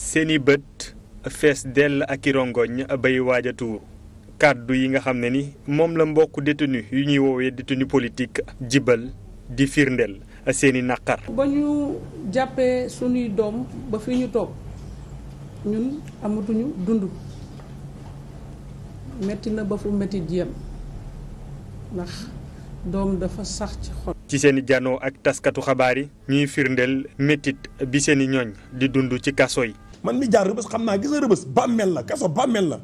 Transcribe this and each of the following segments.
seeni bët fees dell ak i rongoñ bay waaj a kàddu yi nga xam ne ni moom la mbokk détenu yu ñuy woowee détenu politique jibal di firndeel seeni naqar ba ñu jàppee sunuy doom ba fi ñu toog ñun amatuñu dund metti na ba fu metti jiyam ndax doom dafa sax ci seeni janoo ak taskatu xabaar yi ñuy firndeel mettit bi seeni ñooñ di dund ci kaso yi man mi jaar rëbës xam naa gis nga rëbës bàmmeel na kaso bàmmeel la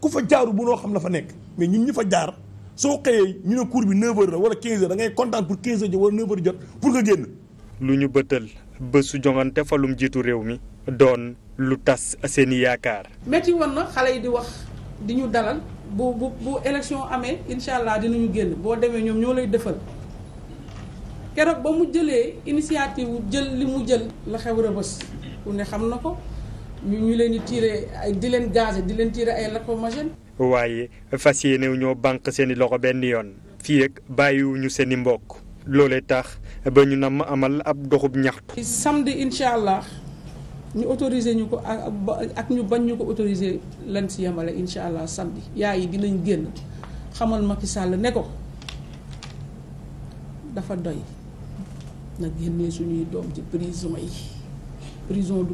ku fa jaaru bu noo xam la fa nekk mais ñun ñu fa jaar soo xëyee ñu ne cours bi 9h la wala 15h da ngay kontaan pour 15h jot wala 9h pour nga génn. lu ñu bëttal bésu jongante falum jiitu réew mi doon lu tas seen yaakaar. métti woon na xale yi di wax di ñu dalal bu bu bu élection amee incha allah dinañu génn boo demee ñoom ñoo lay defal keroog ba mu jëlee initiative jël li mu jël la ku ne xam na ko ñu ñu leen di tiire ay di leen gazé di leen tiire ay lacrymogène waaye fas yéene ñoo bànq seen i loxo benn yoon fii ak bàyyiwuñu seen i mbokk loolee tax ba ñu nam amal ab doxub ñaxtu. samedi incha allah ñu autorisé ñu ko ak ñu bañ ñu ko autorisé lan si yemale incha allah samedi yaay yi dinañ génn xamal ma Macky sàll ne ko dafa doy na génnee suñuy doom ci prison yi. prison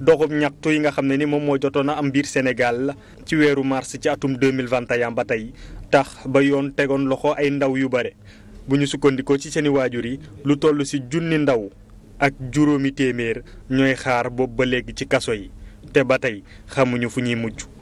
doxum ñaxtu yi nga xam ne ni moom moo jotoon a am biir Sénégal ci weeru mars ci atum 2021 ba tey tax ba yoon tegoon loxo ay ndaw yu bare bu ñu sukkandikoo ci seeni waajur yi lu toll ci junni ndaw ak juróomi téeméer ñooy xaar boobu ba léegi ci kaso yi te ba tey xamuñu fu ñuy mujj.